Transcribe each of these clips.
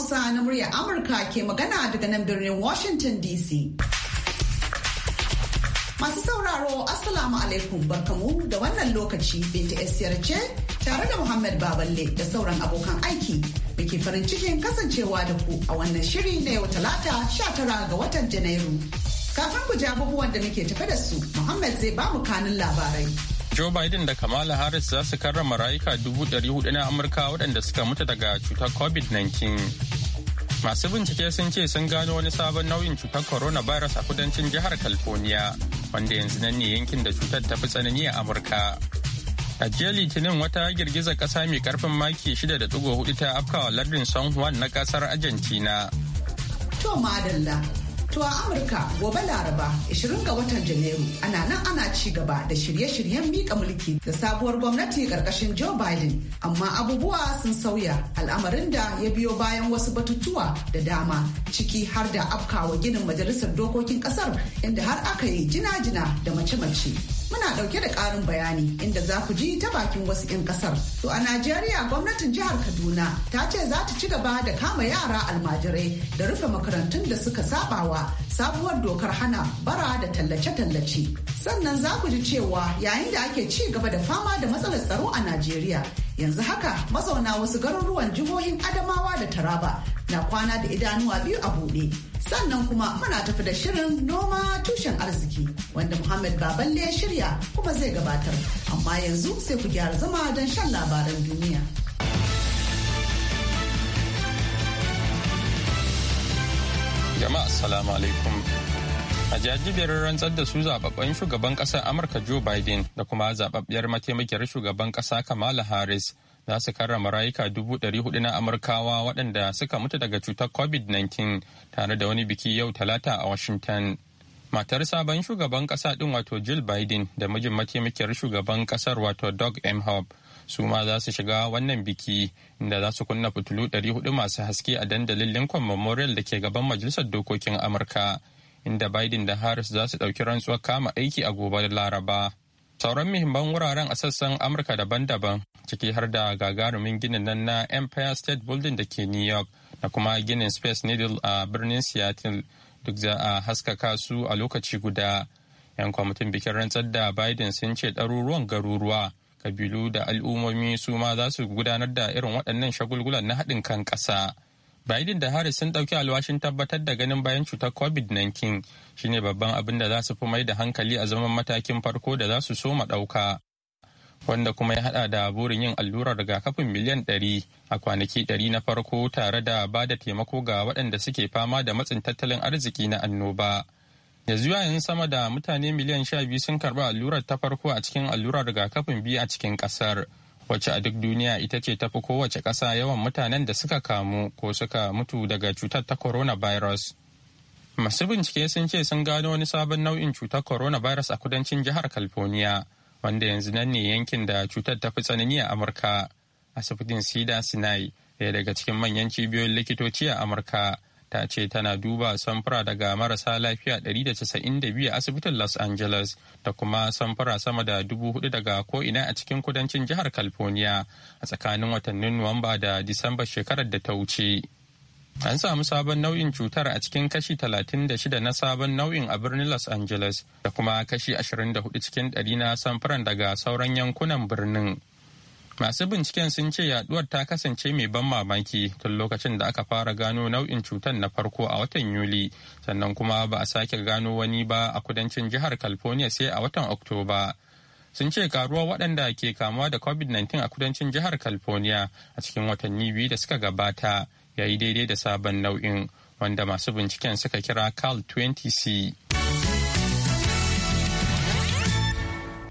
Hausa na murya Amurka ke magana daga nan birnin Washington DC. Masu sauraro Assalamu alaikum barkamu da wannan lokaci Binta Esiyar ce tare da Muhammad Baballe da sauran abokan aiki da ke farin cikin kasancewa da ku a wannan shiri na yau talata 19 ga watan Janairu. Kafin ku ji abubuwan da muke tafe da su, Muhammad zai ba mu kanun labarai. Joe Biden da Kamala Harris za su karrama rayuka hudu na Amurka waɗanda suka mutu daga cutar COVID-19. Masu bincike sun ce sun gano wani sabon nauyin cutar corona coronavirus a kudancin jihar California, wanda yanzu nan ne yankin da cutar ta fi tsanani a Amurka. A jiya Litinin wata girgiza ƙasa mai karfin maki 6.4 ta afkawa lardin San Juan na ƙasar Argentina. To madalla To a Amurka gobe Laraba 20 ga watan Janairu ana nan ana ci gaba da shirye-shiryen mika mulki da sabuwar gwamnati karkashin Joe Biden amma abubuwa sun sauya al'amarin da ya biyo bayan wasu batutuwa da dama ciki har da afkawa ginin majalisar dokokin kasar inda har aka yi jina-jina da mace-mace. muna ɗauke da ƙarin bayani inda za ku ji ta bakin wasu 'yan kasar. To a Najeriya gwamnatin jihar Kaduna ta ce za ta ci gaba da kama yara almajirai da rufe makarantun da suka sabawa sabuwar dokar hana bara da tallace-tallace. sannan za ku ji cewa yayin da ake ci gaba da fama da matsalar tsaro a Najeriya yanzu haka mazauna wasu garuruwan jihohin Adamawa da Taraba na kwana da idanuwa biyu a buɗe. Sannan kuma muna tafi da shirin noma tushen arziki wanda Muhammad Baballe ya shirya kuma zai gabatar. Amma yanzu sai ku gyara zama don shan labaran duniya. Jama'a assalamu alaikum. a jajiberin rantsar da su zababben shugaban ƙasar amurka joe biden da kuma zababbiyar mataimakiyar shugaban ƙasa kamala harris za su karrama rayuka dubu ɗari hudu na amurkawa waɗanda suka mutu daga cutar covid-19 tare da wani biki yau talata a washington matar sabon shugaban ƙasa din wato jill biden da mijin mataimakiyar shugaban ƙasar wato doug m. su ma za su shiga wannan biki inda za su kunna fitilu 400 masu haske a dandalin lincoln memorial da ke gaban majalisar dokokin amurka inda Biden da Harris za su ɗauki rantsuwar kama aiki a gobe da Laraba. Sauran muhimman wuraren a sassan Amurka daban-daban ciki har da gagarumin ginin nan na Empire State Building da ke New York da kuma ginin Space Needle a birnin Seattle duk za a haskaka su a lokaci guda. 'Yan kwamitin bikin rantsar da Biden sun ce ɗaruruwan garuruwa, kabilu da al'ummomi su ma za su gudanar da irin waɗannan shagulgulan na haɗin kan ƙasa. Biden da Harris sun ɗauki alwashin tabbatar da ganin bayan cutar COVID-19 shine babban abin da za su fi mai da hankali a zaman matakin farko da za su soma ɗauka. Wanda kuma ya haɗa da burin yin allurar rigakafin miliyan ɗari a kwanaki ɗari na farko tare da ba da taimako ga waɗanda suke fama da matsin tattalin arziki na annoba. da Yanzu yayin sama da mutane miliyan sha biyu sun karɓi allurar ta farko a cikin allurar rigakafin biyu a cikin ƙasar. wacce a duk duniya ita ce tafi kowace ƙasa yawan mutanen da suka kamu ko suka mutu daga cutar ta coronavirus. Masu bincike sun ce sun gano wani sabon nau'in cutar coronavirus a kudancin jihar California, wanda yanzu nan ne yankin da cutar ta fi tsanani a Amurka. Asibitin Sida Sinai, ɗaya daga cikin manyan cibiyoyin likitoci a Amurka, ta ce tana duba samfura daga marasa lafiya 192 a asibitin los angeles da kuma samfura sama da dubu daga ko'ina a cikin kudancin jihar california a tsakanin watannin nuwamba da disamba shekarar da ta wuce an samu sabon nau'in cutar a cikin kashi 36 na sabon nau'in a birnin los angeles da kuma kashi 24 cikin 100 na samfuran daga sauran yankunan birnin Masu binciken sun ce yaduwar ta kasance mai ban mamaki tun lokacin da aka fara gano nau'in cutar na farko a watan Yuli, sannan kuma ba a sake gano wani ba a kudancin jihar California sai a watan Oktoba. Sun ce karuwa waɗanda ke kamuwa da COVID-19 a kudancin jihar California a cikin watanni biyu da suka gabata ya yi daidai da sabon nau'in wanda masu binciken suka kira CAL 20C.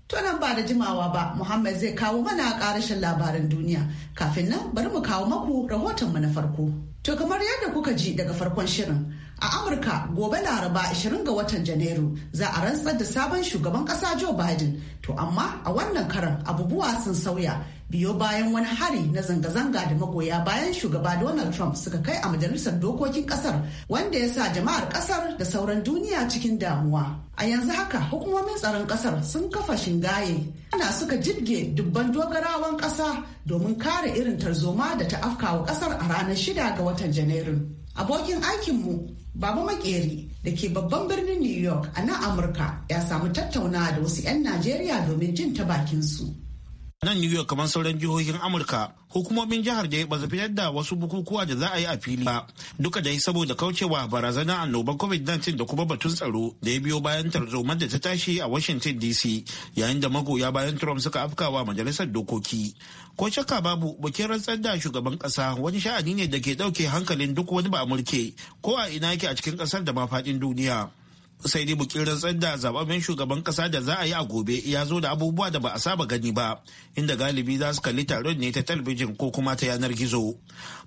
To nan ba da jimawa ba Muhammad zai kawo mana karashin labarin duniya kafin nan bari mu kawo maku rahotonmu na farko. To kamar yadda kuka ji daga farkon shirin A Amurka gobe Laraba 20 ga watan Janairu za a rantsar da sabon shugaban kasa Joe Biden. To amma a wannan karan abubuwa sun sauya biyo bayan wani hari na zanga-zanga da magoya bayan shugaba Donald Trump suka kai a majalisar dokokin kasar wanda ya sa jama'ar kasar da sauran duniya cikin damuwa. A yanzu haka hukumomin tsaron kasar sun kafa shingaye ana suka jirge dubban dogarawan kasa domin kare irin tarzoma da ta afkawa kasar a ranar shida ga watan Janairu. Abokin aikinmu Baba Makeri da ke babban birnin New York a nan Amurka ya samu tattaunawa da wasu 'yan Najeriya domin jin ta bakinsu. nan New York kamar sauran jihohin Amurka hukumomin jihar da ba su fitar da wasu bukukuwa da za a yi a fili ba duka dai saboda kaucewa barazana annobar COVID-19 da kuma batun tsaro da ya biyo bayan tarzoma da ta tashi a Washington DC yayin da magoya bayan Trump suka afkawa majalisar dokoki. Ko shakka babu bukin rantsar da shugaban kasa wani sha'ani ne da ke dauke hankalin duk wani ba amurke ko a ina yake a cikin kasar da ma faɗin duniya. sai dai bukin rantsar da zababben shugaban kasa da za a yi a gobe ya zo da abubuwa da ba a saba gani ba inda galibi za su kalli taron ne ta talbijin ko kuma ta yanar gizo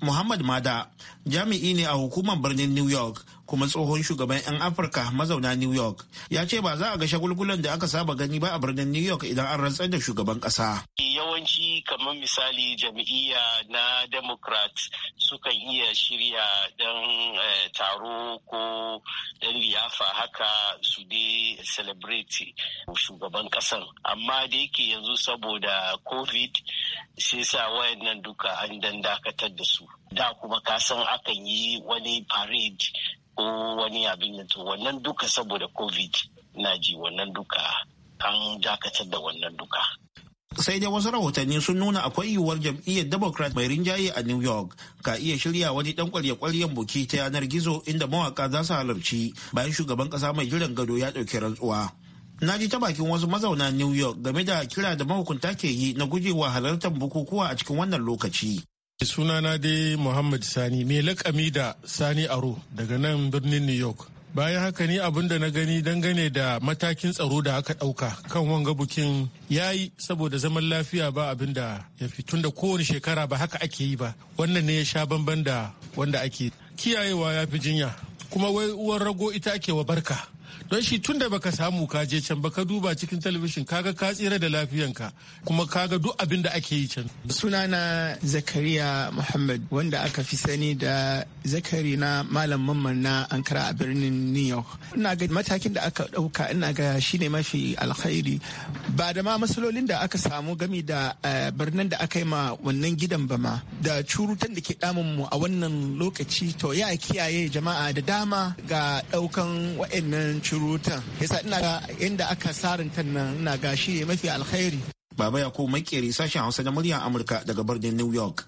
muhammad mada jami'i ne a hukumar birnin new york kuma tsohon shugaban 'yan afirka mazauna new york ya ce ba za a ga shagulgulan da aka saba gani ba a birnin new york idan an rantsar da shugaban kasa yawanci kamar misali jam'iyya na democrat sukan iya shirya dan eh, taro ko dan liyafa haka su dai celebrate shugaban kasan amma da yake yanzu saboda covid sai sa wayannan duka an dan dakatar da su da kuma kasan akan yi wani parade ko wani abin da wannan duka saboda covid na ji wannan duka an dakatar da wannan duka sai dai wasu rahotanni sun nuna akwai yiwuwar jam'iyyar democrat mai rinjaye a new york ka iya shirya wani dan kwarye-kwaryen buki ta yanar gizo inda mawaka za su halarci bayan shugaban kasa mai jiran gado ya ɗauki rantsuwa na ji ta bakin wasu mazauna new york game da kira da mahukunta ke yi na gujewa halartar bukukuwa a cikin wannan lokaci Sunana dai Muhammad Sani mai lakami da Sani Aro daga nan birnin New York. Bayan haka ni abin da na gani dangane da matakin tsaro da aka ɗauka kan wanga bukin ya yi saboda zaman lafiya ba abin da ya fi tunda kowane shekara ba haka ake yi ba wannan ne ya sha bamban da wanda ake kiyayewa ya fi jinya kuma wai uwar rago ita ake wa barka don shi tunda baka samu ka je can baka duba cikin talabishin kaga ka tsira da lafiyanka kuma kaga duk abin da ake yi can sunana zakariya muhammad wanda aka fi sani da zakari na malam mamman na ankara a birnin new york ina ga matakin da aka dauka ina ga shine mafi alkhairi ba da ma masalolin da aka samu gami da eh, birnin da aka yi ma wannan gidan ba ma. da curutan da ke damun mu a wannan lokaci to ya kiyaye jama'a da dama ga daukan wa'annan curu surutan yasa ina ga inda aka sarinta nan ina ga shi mafi alkhairi baba ya yakubu makeri sashen hausa na muryar amurka daga birnin new york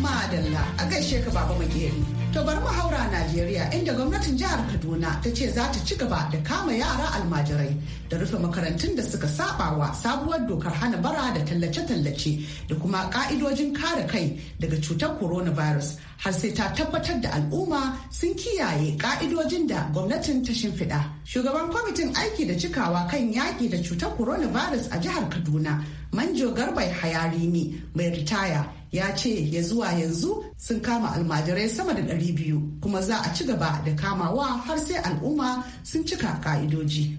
ma'adalla a gaishe ka baba makeri To bar mu haura Najeriya inda gwamnatin jihar Kaduna ta ce za ta ci gaba da kama yara almajirai da rufe makarantun da suka saba sabuwar dokar hana bara da tallace-tallace da kuma ka'idojin kare kai daga cutar coronavirus har sai ta tabbatar da al'umma sun kiyaye ka'idojin da gwamnatin ta shimfiɗa. Shugaban kwamitin aiki da cikawa kan yaƙi da cutar coronavirus a jihar Kaduna, Manjo Garbai Hayari ne mai ritaya ya ce ya zuwa yanzu sun kama almajirai sama da 200 kuma za a ci gaba da kamawa har sai al'umma sun cika ka'idoji.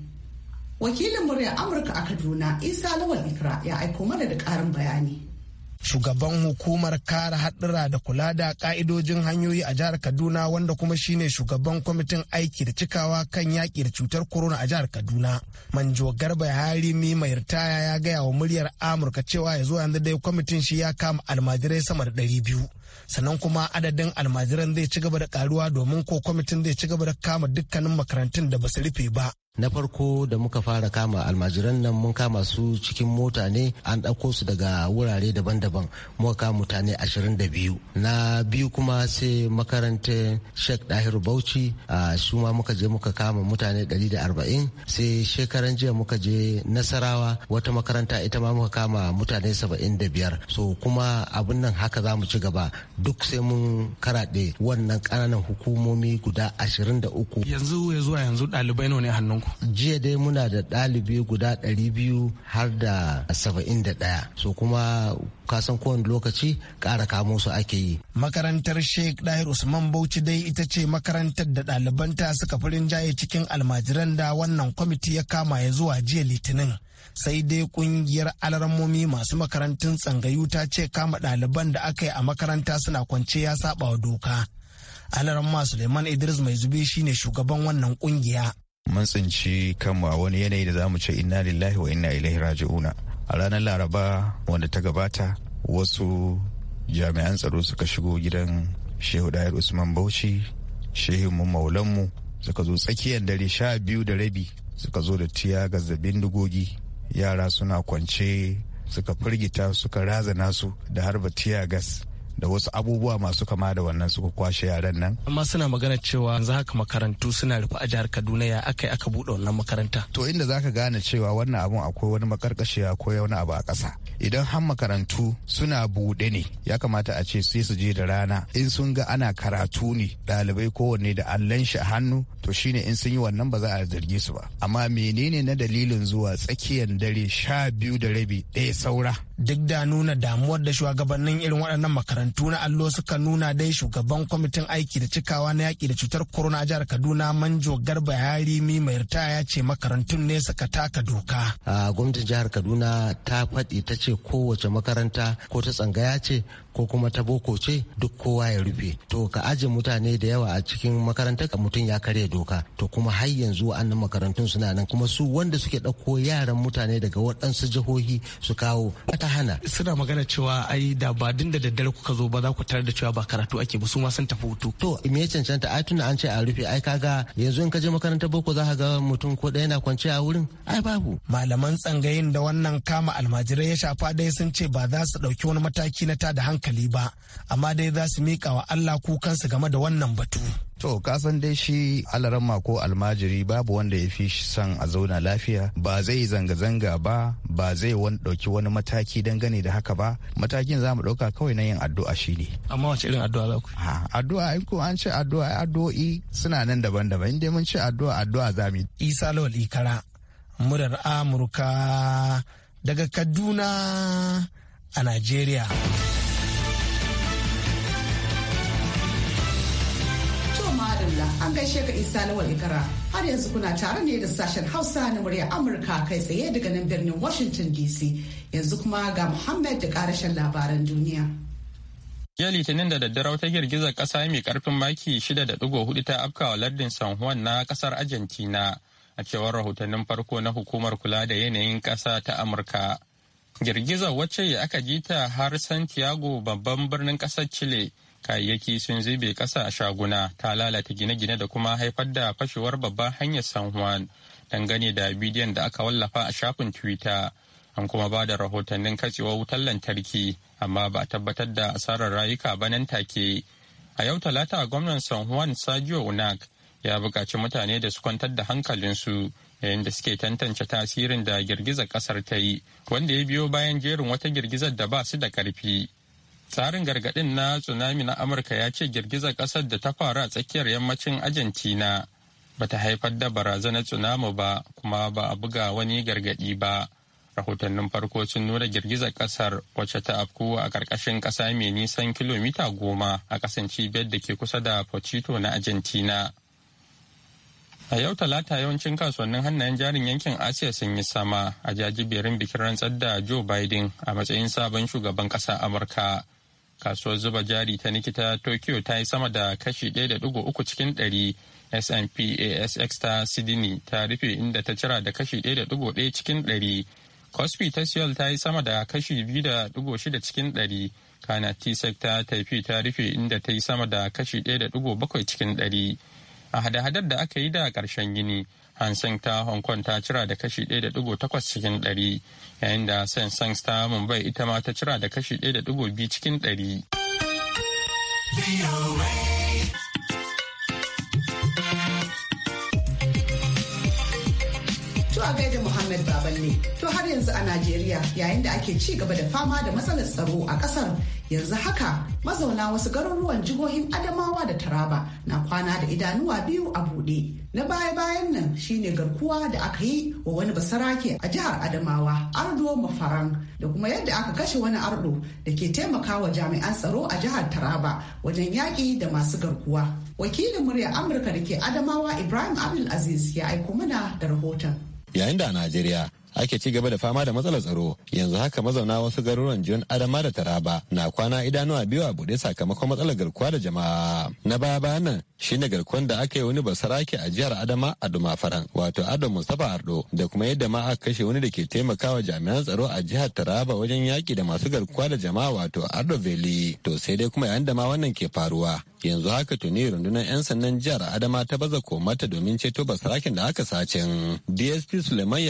Wakilin Murya Amurka a Kaduna Isa Lawal Ikra ya aiko mana da ƙarin bayani. shugaban hukumar Kara haɗura da kula da ka'idojin hanyoyi a jihar kaduna wanda kuma shine shugaban kwamitin aiki da cikawa kan yaƙi da cutar corona a jihar kaduna manjo garba ya harimi mai ritaya ya gaya wa muryar amurka cewa ya zo yanzu dai kwamitin shi ya kama almajirai sama da ɗari biyu sannan kuma adadin almajiran zai ci gaba da karuwa domin ko kwamitin zai ci gaba da kama dukkanin makarantun da ba su rufe ba na farko da muka fara kama almajiran nan mun kama su cikin mota ne an ɗauko su daga wurare daban-daban muka kama mutane 22 na biyu kuma sai makarantar sheikh dahiru bauchi a su ma muka je muka kama mutane 140 sai shekaran jiya muka je nasarawa wata makaranta ita ma muka kama mutane 75 so kuma abin nan haka za mu ci gaba duk sai mun karaɗe wannan ƙananan hukumomi guda 23 yanzu ya zuwa yanzu ɗalibai ne hannun Jiya dai muna da ɗalibi guda ɗari biyu har da saba'in da ɗaya. So kuma kasan kowane lokaci ƙara kamo su ake yi. Makarantar Sheikh Dahir Usman Bauchi dai ita ce makarantar da ɗalibanta suka fi rinjaye cikin almajiran da wannan kwamiti ya kama ya zuwa jiya Litinin. sai dai kungiyar alarmomi masu makarantun tsangayu ta ce kama ɗaliban da aka yi a makaranta suna kwance ya saba wa doka. alarma suleiman idris mai zube shine shugaban wannan kungiya mun tsinci kanmu a wani yanayi da zamu ce inna lillahi wa inna ilaihi raji'una a ranar laraba wanda ta gabata wasu jami'an tsaro suka shigo gidan shehu dayar usman bauchi shehin mu shehinmu mu suka zo tsakiyar dare sha biyu da rabi suka zo da tiya zabin dugogi yara suna kwance suka firgita suka razana su da harba tiya gas da wasu abubuwa masu kama da wannan suka kwashe yaran nan amma suna magana cewa yanzu haka makarantu suna rufe a jihar Kaduna ya aka aka buɗe wannan makaranta to inda zaka gane cewa wannan abun akwai wani makarkashiya ko wani abu a ƙasa idan har makarantu suna buɗe ne ya kamata a ce sai su je da rana in sun ga ana karatu ne ɗalibai kowanne da allon shi a hannu to shine in sun yi wannan ba za a zarge su ba amma menene na dalilin zuwa tsakiyar dare sha biyu da rabi ɗaya saura duk da nuna damuwar da shugabannin irin waɗannan makarantu na allo suka nuna dai shugaban kwamitin aiki da cikawa na yaƙi da cutar corona jihar kaduna manjo garba ya rimi mai ritaya ya ce makarantun ne suka taka doka a gwamnatin jihar kaduna ta faɗi ta ce kowace makaranta ko ta tsangaya ce ko kuma ta boko ce duk kowa ya rufe to ka aje mutane da yawa a cikin makarantar ka mutum ya karya doka to kuma har yanzu annan makarantun suna nan kuma su wanda suke dauko yaran mutane daga waɗansu jihohi su kawo ta hana suna magana cewa ai da ba din da daddare kuka zo ba za ku tarar da cewa ba karatu ake ba su ma sun tafi hutu to me ya cancanta ai tunda an ce a rufe ai kaga yanzu in ka je makarantar boko za ka ga mutum ko ɗaya na kwance a wurin ai babu malaman tsangayin da wannan kama almajirai ya shafa dai sun ce ba za su ɗauki wani mataki na da hankali hankali ba amma dai za su miƙa wa Allah kukansu game da wannan batu. To kasan dai shi alarama ko almajiri babu wanda ya fi son a zauna lafiya ba zai zanga-zanga ba ba zai ɗauki wani mataki dangane da haka ba matakin za mu ɗauka kawai na yin addu'a shi ne. Amma wace irin addu'a za ku? Ha ah, addu'a in ko an ce addu'a addu'o'i suna nan daban-daban inda mun ce addu'a addu'a za mu yi. Isa Lawal Ikara murar Amurka daga Kaduna a Najeriya. an gaishe ka isa lawal ikara har yanzu kuna tare ne da sashen hausa na murya amurka kai tsaye daga nan birnin washington dc yanzu kuma ga muhammad da karashen labaran duniya jiya litinin da daddare wata girgizar kasa mai karfin maki 6.4 ta afkawa lardin san juan na kasar argentina a cewar rahotannin farko na hukumar kula da yanayin kasa ta amurka girgizar wacce aka ji ta har santiago babban birnin kasar chile kayayyaki sun zube ƙasa a shaguna ta lalata gine-gine da kuma haifar da fashewar babban hanyar san juan dangane da bidiyon da aka wallafa a shafin twitter an kuma ba da rahotannin katsewar wutar lantarki amma ba a tabbatar da asarar rayuka ba nan take a yau talata gwamnan san juan sajiyo unak ya buƙaci mutane da su kwantar da hankalinsu yayin da suke tantance tasirin da girgizar ƙasar ta yi wanda ya biyo bayan jerin wata girgizar da ba su da ƙarfi tsarin gargadin na tsunami na amurka ya ce girgizar kasar da ta faru a tsakiyar yammacin argentina ba ta haifar da barazanar tsunami ba kuma ba a buga wani gargadi ba rahotannin farko sun nuna girgizar kasar wacce ta afku a karkashin kasa mai nisan kilomita goma a ƙasan cibiyar da ke kusa da pochito na argentina a yau talata yawancin kasuwannin hannayen jarin yankin asiya sun yi sama a jajiberin bikin rantsar da joe biden a matsayin sabon shugaban ƙasar amurka kasuwar zuba jari ta nikita tokyo ta yi sama da kashi 1.3 cikin 100 S&P ASX ta Sydney ta rufe inda ta cira da kashi 1.1 cikin 100. Kospi ta Seoul ta yi sama da kashi 2.6 cikin 100. Kana t e ta Taifi ta rufe inda ta yi sama da kashi 1.7 cikin 100. A hada-hadar da aka yi da karshen gini, Hang Seng ta Hong Kong ta cira da kashi 1.8 cikin 100 yayin da Sensex ta Mumbai ita ma ta cira da kashi 1.2 cikin 100. To a gaida Muhammad Baballe. To har yanzu a Najeriya yayin da ake ci gaba da fama da matsalar tsaro a ƙasar yanzu haka mazauna wasu garuruwan jihohin Adamawa da Taraba na kwana da idanuwa biyu a buɗe. Na baya-bayan nan shine garkuwa da aka yi wa wani basarake a jihar Adamawa Ardo Mafaran da kuma yadda aka kashe wani ardo da ke taimakawa jami'an tsaro a jihar Taraba wajen yaƙi da masu garkuwa. Wakilin murya Amurka da ke Adamawa Ibrahim Abdul Aziz ya aiko mana da rahoton. yayin da a najeriya ake ci gaba da fama da matsalar tsaro yanzu haka mazauna wasu garuruwan jiyon adama da taraba na kwana idanuwa biyu a bude sakamakon matsalar garkuwa da jama'a na baya bayan shine garkuwan da aka yi wani basarake a jihar adama a dumafaran wato ado mustapha ardo da kuma yadda ma aka kashe wani da ke taimakawa jami'an tsaro a jihar taraba wajen yaki da masu garkuwa da jama'a wato ardo veli to sai dai kuma yayin da ma wannan ke faruwa yanzu haka tuni rundunar 'yan sannan jihar adama ta baza komata domin ceto basarakin da aka sacin dsp suleiman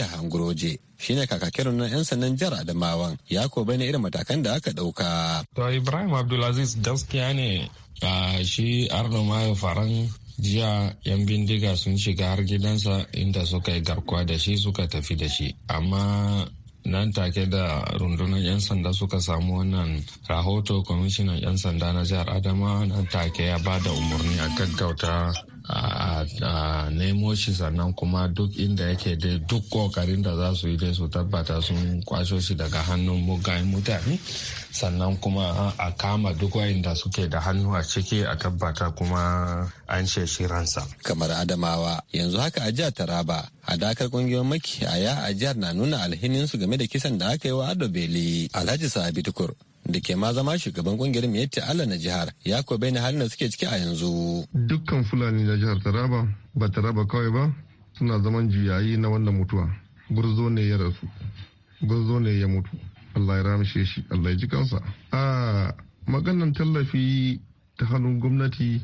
shi shine kakakin rundunar 'yan sannan jihar adamawan ya ko ne irin matakan da aka dauka to ibrahim abdulaziz gaskiya ne shi arno mayo faran jiya yan bindiga sun shiga har gidansa inda suka yi garkuwa da shi suka tafi da shi amma nan take da rundunar 'yan sanda suka samu wannan rahoto kwamishinan 'yan sanda na jihar adama nan take ya ba da umarni a gaggauta a nemo shi sannan kuma duk inda yake dai duk kokarin da za su yi dai su tabbata sun kwaso shi daga hannun mugayen mutane sannan kuma a kama duk wayanda suke da hannu a ciki a tabbata kuma an sheshi ransa kamar adamawa yanzu haka a jihar taraba hadakar kungiyoyin maki, a jihar na nuna su game da kisan da aka yi wa ado bele alhaji sabi tukur da ke ma zama shugaban kungiyar Miyetti Allah na jihar ya ko bayyana halin da suke ciki a yanzu. Dukkan Fulani na jihar Taraba ba Taraba kawai ba suna zaman juyayi na wannan mutuwa. Gurzo ne ya rasu. Gurzo ne ya mutu. Allah ya ramshe shi, Allah ya ji kansa. A maganan tallafi ta hannun gwamnati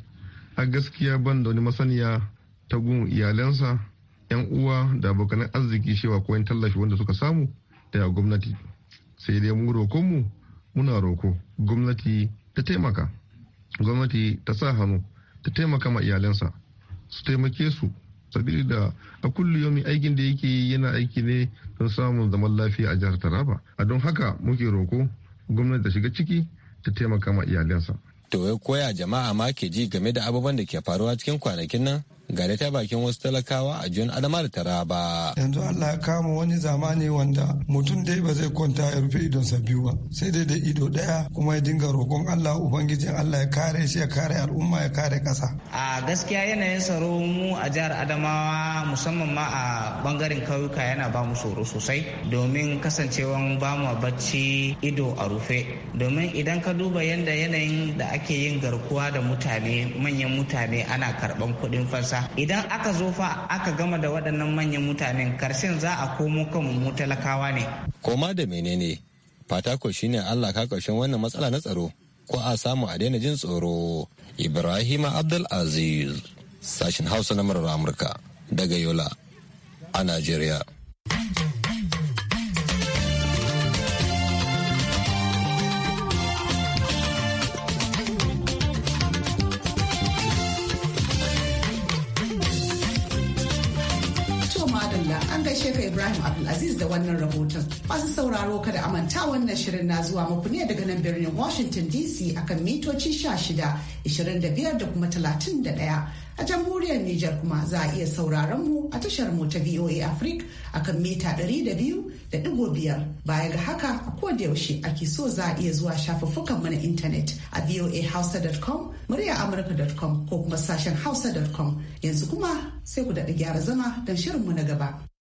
a gaskiya ban da wani masaniya ta gun iyalansa, 'yan uwa da abokan arziki cewa ko tallafi wanda suka samu daga gwamnati. Sai dai mu roƙonmu mu muna roko gwamnati ta taimaka gwamnati ta sa hannu ta taimaka ma iyalansa su taimake su sabili da a kulliyomi aikin da yake yana aiki ne don samun zaman lafiya a jihar taraba a don haka muke roko gwamnati ta shiga ciki ta taimaka ma iyalansa to ya koya jama'a ma ke ji game da abubuwan da ke faruwa cikin kwanakin nan ga ta bakin wasu talakawa a jihar adama da taraba yanzu allah ya kama wani zamani wanda mutum dai ba zai kwanta ya rufe idonsa biyu ba sai dai da ido daya kuma ya dinga roƙon allah ubangijin allah ya kare shi ya kare al'umma ya kare ƙasa a gaskiya yanayin tsaro mu a jihar adamawa musamman ma a bangaren kauyuka yana ba mu tsoro sosai domin kasancewan ba mu bacci ido a rufe domin idan ka duba yanda yanayin da ake yin garkuwa da mutane manyan mutane ana karɓan kuɗin fansa ƙasa idan aka zo fa aka gama da waɗannan manyan mutanen karshen za a komo kanmu mu talakawa ne koma da menene fata ko shine Allah ka ƙarshen wannan matsala na tsaro ko a samu a daina jin tsoro Ibrahima Abdul Aziz sashin Hausa na Amurka daga Yola a Najeriya Shefa Ibrahim Abdulaziz da wannan rahoton. Masu sauraro kada a manta wannan shirin na zuwa muku ne daga nan birnin Washington DC akan mitoci 16, 25 da kuma 31. A jamhuriyar Nijar kuma za a iya sauraron mu a tashar mu ta VOA Africa akan mita 200.5 baya ga haka a da yaushe ake so za a iya zuwa shafuffukan mu na intanet a voahausa.com murya ko kuma sashen hausa.com yanzu kuma sai ku daɗa gyara zama don shirinmu na gaba.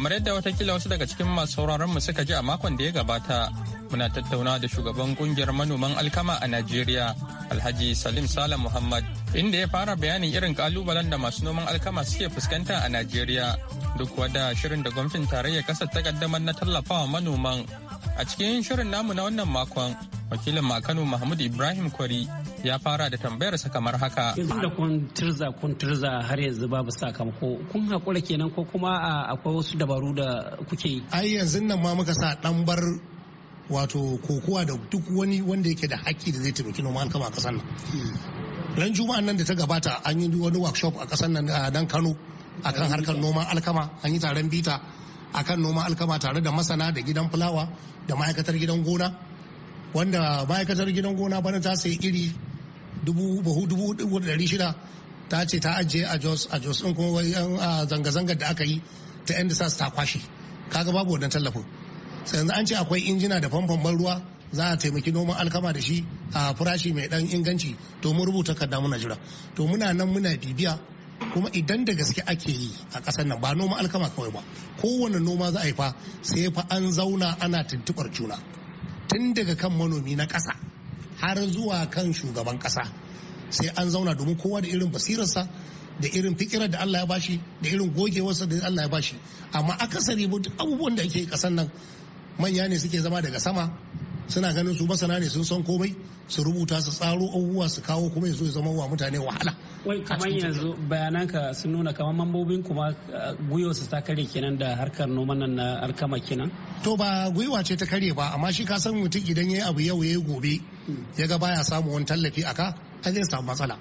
kamar yadda watakila wasu daga cikin masu sauraron mu suka ji a makon da ya gabata muna tattauna da shugaban kungiyar manoman alkama a najeriya alhaji salim sala muhammad inda ya fara bayanin irin kalubalen da masu noman alkama suke fuskanta a najeriya duk wada shirin da gwamnatin tarayyar kasar ta kaddamar na tallafawa manoman A cikin shirin namu na wannan makon, wakilin Makano Mahmud Ibrahim Kwari ya fara da tambayarsa kamar haka. Yanzu da kun turza kun turza har yanzu babu sakamako kun haƙura kenan ko kuma akwai wasu dabaru da kuke yi. Ai yanzu nan ma muka sa ɗan bar wato kokowa da duk wani wanda yake da haƙƙi da zai taimaki noma alkama a ƙasar nan. Ran juma'an nan da ta gabata an yi wani workshop a ƙasar nan dan Kano akan harkar noman alkama an yi taron bita akan noman alkama tare da masana da gidan fulawa da ma'aikatar gidan gona wanda ma'aikatar gidan gona bana ta sayi iri buhu dubu shida ta ce ta ajiye a jos a jos ɗin kuma zanga-zangar da aka yi ta yan sas ta kwashe kaga babu wannan tallafin sai yanzu an ce akwai injina da famfon ban ruwa za a taimaki noman alkama da shi a farashi mai ɗan inganci to mun rubuta kadda muna jira to muna nan muna bibiya kuma idan da gaske ake yi a ƙasar nan ba noma alkama kawai ba kowane noma za a yi fa sai fa an zauna ana tuntuɓar juna tun daga kan manomi na ƙasa har zuwa kan shugaban ƙasa sai an zauna domin kowa da irin basirarsa da irin fikirar da Allah ya bashi da irin gogewarsa da Allah ya bashi amma akasari abubuwan da ake yi ƙasar nan manya ne suke zama daga sama suna ganin su masana ne sun san komai su rubuta su tsaro abubuwa su kawo kuma yanzu ya zama wa mutane wahala wai kamar yanzu bayananka sun nuna kamar mambobin kuma eh, gwiwa su ta kare kenan da harkar noman nan na alkama kenan to ba gwiwa ce ta kare ba amma shi ka san mutum idan ya abu yau ya yi gobe ya ga baya samu wani tallafi aka a zai samu matsala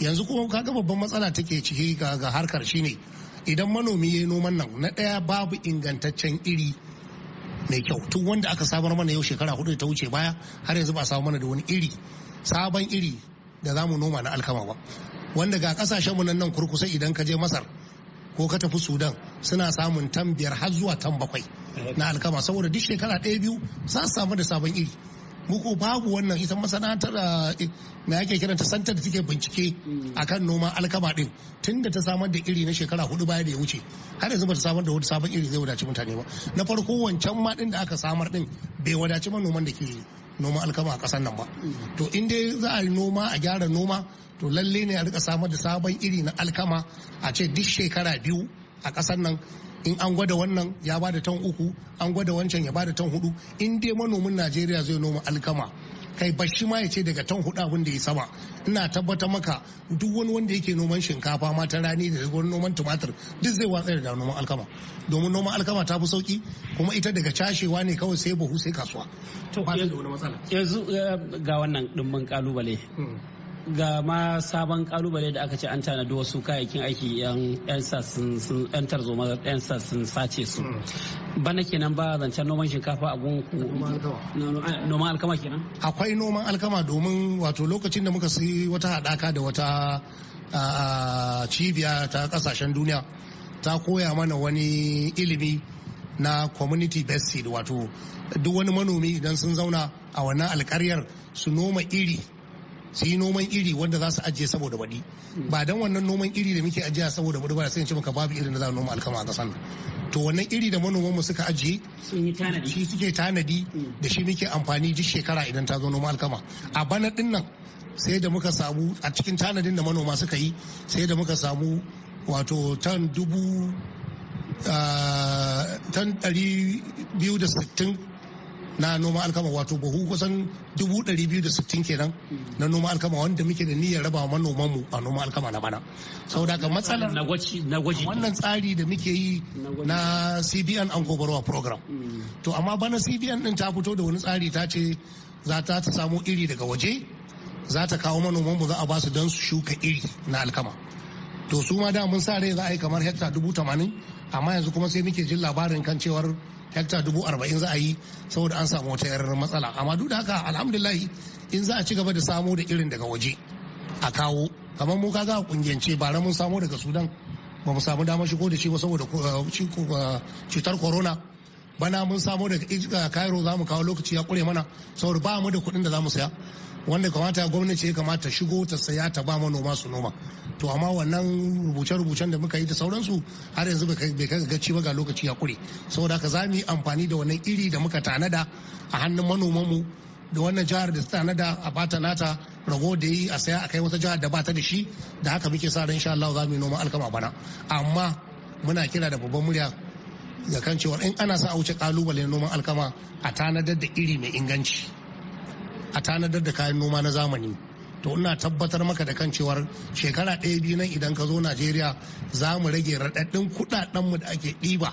yanzu kuma kaga babban matsala take ciki ga harkar shine idan manomi ya yi noman nan na ɗaya babu ingantaccen iri mai kyau tun wanda aka samar mana yau shekara hudu da ta wuce baya har yanzu ba a samu mana da wani iri sabon iri da za mu noma na alkama ba wanda ga kasashenmu nan nan kurkusa idan ka je masar ko ka tafi sudan suna samun tan biyar har zuwa tan bakwai na alkama saboda duk shekara ɗaya biyu za su samu da sabon iri muku babu wannan ita masana'antar na eh, yake kiranta santar da take bincike mm. akan noman alkama din tun da ta samar da iri na shekara hudu baya da ya wuce har yanzu bata samar da wani sabon iri zai wadaci mutane ba na farko wancan ma din da aka samar din bai wadaci manoman da ke noman alkama a kasan nan ba mm. to in dai za a yi noma a gyara noma to lalle ne a rika samar da sabon iri na alkama a ce duk shekara biyu a kasar nan in an gwada wannan ya ba da tan uku an gwada wancan ya ba da tan hudu in dai manomin najeriya zai noma alkama kai bashi ma ya ce daga tan hudu abin da ya sama ina tabbata maka duk wani wanda yake noman shinkafa ma ta rani da wani noman tumatir duk zai watsa da noman alkama domin noman alkama ta fi sauki kuma ita daga cashewa ne kawai sai buhu sai kasuwa yanzu eh, ga wannan dimbin kalubale hmm. ga ma sabon kalubale da aka ce an tanadi wasu kayayyakin aiki yan yan tarzoma yan sun sace su hmm. bana kenan ba zancen noman shinkafa a ku eh, noman alkama kenan akwai noman alkama domin wato lokacin da muka sai wata hadaka da wata cibiya ta kasashen duniya ta koya mana wani ilimi na community based seed wato duk wani manomi idan sun zauna a wannan alkaryar su noma iri su yi noman iri wanda za su ajiye saboda baɗi ba dan wannan noman iri da muke ajiya saboda baɗi ba sai in ce maka babu irin da za a noma alkama a ƙasar to wannan iri da manoman mu suka ajiye shi suke tanadi da shi muke amfani duk shekara idan ta zo noma alkama a bana din nan sai da muka samu a cikin tanadin da manoma suka yi sai da muka samu wato tan dubu ah, tan ɗari biyu da sittin na noma alkama wato buhu kusan dubu kenan na noma alkama wanda muke da niyyar raba wa manoman mu a noma alkama na bana saboda ga matsalar wannan tsari da muke yi na cbn an gobarwa program mm. to amma bana cbn din ta fito da wani tsari ta ce za ta ta samu iri daga waje za ta kawo manoman mu za a ba su don su shuka iri na alkama to su ma da mun sa rai za a yi kamar hekta dubu tamanin amma yanzu kuma sai muke jin labarin kan cewar hekta dubu arba'in za a yi saboda an samu wata yar matsala amma duk da haka alhamdulillahi in za a ci gaba da samo da irin daga waje a kawo kamar mu kaga kungiyance bara mun samo daga sudan ba mu samu damar shigo da shi ba saboda uh, uh, cutar corona bana mun samo daga uh, cairo za mu kawo lokaci ya kure mana saboda ba mu da kuɗin da za mu saya wanda kamata gwamnati ya kamata shigo ta saya ta ba manoma su noma to amma wannan rubuce-rubucen da muka yi da sauransu har yanzu bai kai gaci ba ga lokaci ya kure saboda haka za mu yi amfani da wannan iri da muka tanada a hannun manomanmu da wannan jihar da ta tanada a bata nata rago da yi a saya a kai wata jihar da ba ta da shi da haka muke sa ran insha Allah za mu yi noman alkama bana amma muna kira da babban murya ga kan cewa in ana sa a wuce kalubalen noman alkama a tanadar da iri mai inganci a tanadar da kayan noma na zamani to ina tabbatar maka da kan cewar shekara ɗaya biyu nan idan ka zo najeriya za mu rage raɗaɗɗin kuɗaɗenmu da ake ɗiba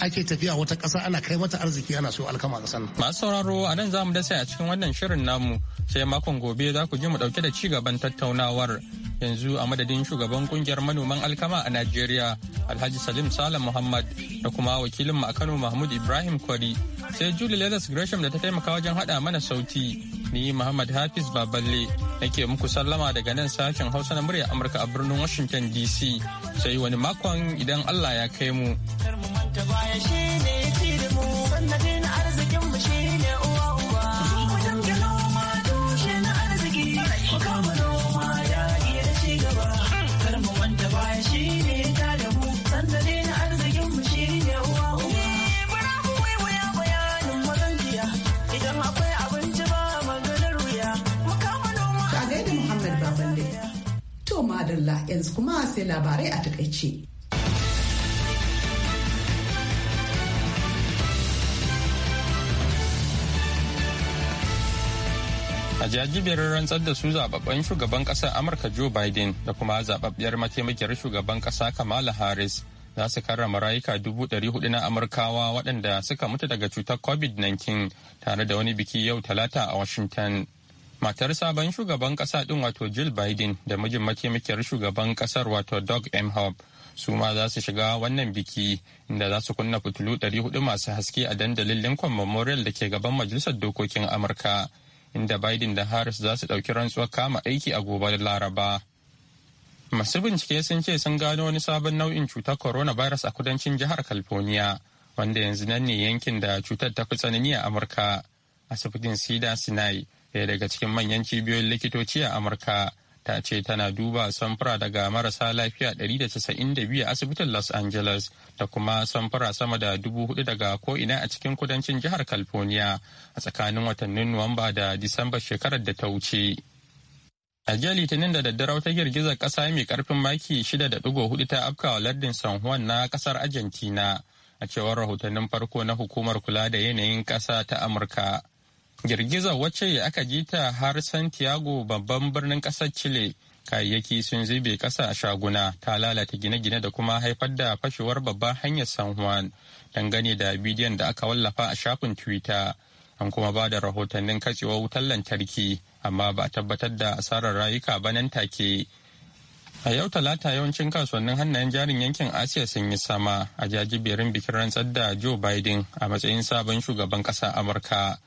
ake tafiya wata ƙasa ana kai mata arziki ana so alkama ƙasar masu sauraro a nan za mu dasa a cikin wannan shirin namu sai makon gobe za ku ji mu ɗauke da ci gaban tattaunawar yanzu a madadin shugaban kungiyar manoman alkama a Najeriya Alhaji Salim Salam Muhammad da kuma wakilin mu a Kano Mahmud Ibrahim Kwari sai Julie Leathers Gresham da ta taimaka wajen haɗa mana sauti ni Muhammad Hafiz Baballe nake muku sallama daga nan sashen Hausa na murya Amurka a birnin Washington DC sai wani makon idan Allah ya kai mu. yanzu kuma sai labarai a takaice. a jajibiyar rantsar da su zababben shugaban kasar amurka joe biden da kuma zababbiyar mataimakiyar shugaban kasa kamala harris za su karrama rayuka hudu na amurkawa waɗanda suka mutu daga cutar covid-19 tare da wani biki yau talata a washington matar sabon shugaban kasa din wato jill biden da mijin mataimakiyar shugaban kasar wato doug m hope su ma za su shiga wannan biki inda za su kunna fitilu 400 masu haske a dandalin lincoln memorial da ke gaban majalisar dokokin amurka inda biden da harris za su ɗauki rantsuwar kama aiki a gobe da laraba masu bincike sun ce sun gano wani sabon nau'in cutar corona virus a kudancin jihar california wanda yanzu nan ne yankin da cutar ta fi tsanani a amurka asibitin sida sinai ɗaya daga cikin manyan cibiyoyin likitoci a amurka ta ce tana duba samfura daga marasa lafiya 192 a asibitin los angeles da kuma samfura sama da 4,000 daga ko'ina a cikin kudancin jihar california a tsakanin watannin nuwamba da disamba shekarar da ta wuce a jiya litinin da daddare wata girgizar kasa mai karfin maki 6.4 ta afkawa lardin san juan na kasar argentina a cewar rahotannin farko na hukumar kula da yanayin kasa ta amurka girgizar wacce aka ji ta har santiago babban birnin ƙasar chile kayayyaki sun zube ƙasa a shaguna ta lalata gine-gine da kuma haifar da fashewar babban hanyar san juan dangane da bidiyon da aka wallafa a shafin twitter an kuma ba da rahotannin katsewar wutar lantarki amma ba a tabbatar da asarar rayuka ba nan take a yau talata yawancin kasuwannin hannayen jarin yankin asiya sun yi sama a jajiberin bikin rantsar da joe biden a matsayin sabon shugaban ƙasar amurka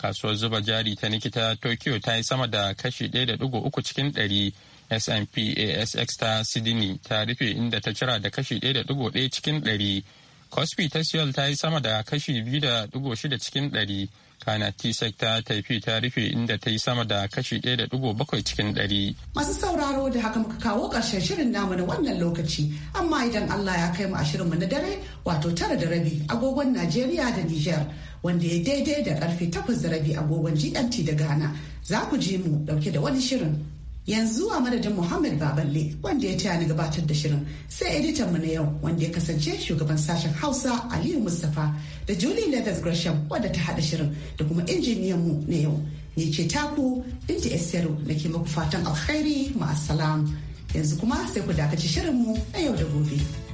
kasuwar zuba jari ta nikita tokyo ta yi sama da kashi 1.3 cikin 100 S&P ASX ta Sydney ta rufe inda ta cira da kashi 1.1 cikin 100. Cosby ta Seoul ta yi sama da kashi 2.6 cikin 100. Kana T-Sec ta taifi ta rufe inda ta yi sama da kashi 1.7 cikin 100. Masu sauraro da haka muka kawo ƙarshen shirin namu na wannan lokaci, amma idan Allah ya kai mu a shirinmu na dare wato tara da rabi agogon Najeriya da niger. wanda ya daidai da karfe takwas da agogon GMT da Ghana. Za ku ji mu dauke da wani shirin. Yanzu a madadin Muhammad Baballe wanda ya taya ni gabatar da shirin sai editan mu na yau wanda ya kasance shugaban sashen Hausa Aliyu Mustapha da Julie Leathers Gresham wanda ta haɗa shirin da kuma injiniyan mu na yau. Ni ce taku Binta Esteru da ke muku fatan alkhairi ma'asalam. Yanzu kuma sai ku dakaci mu na yau da gobe.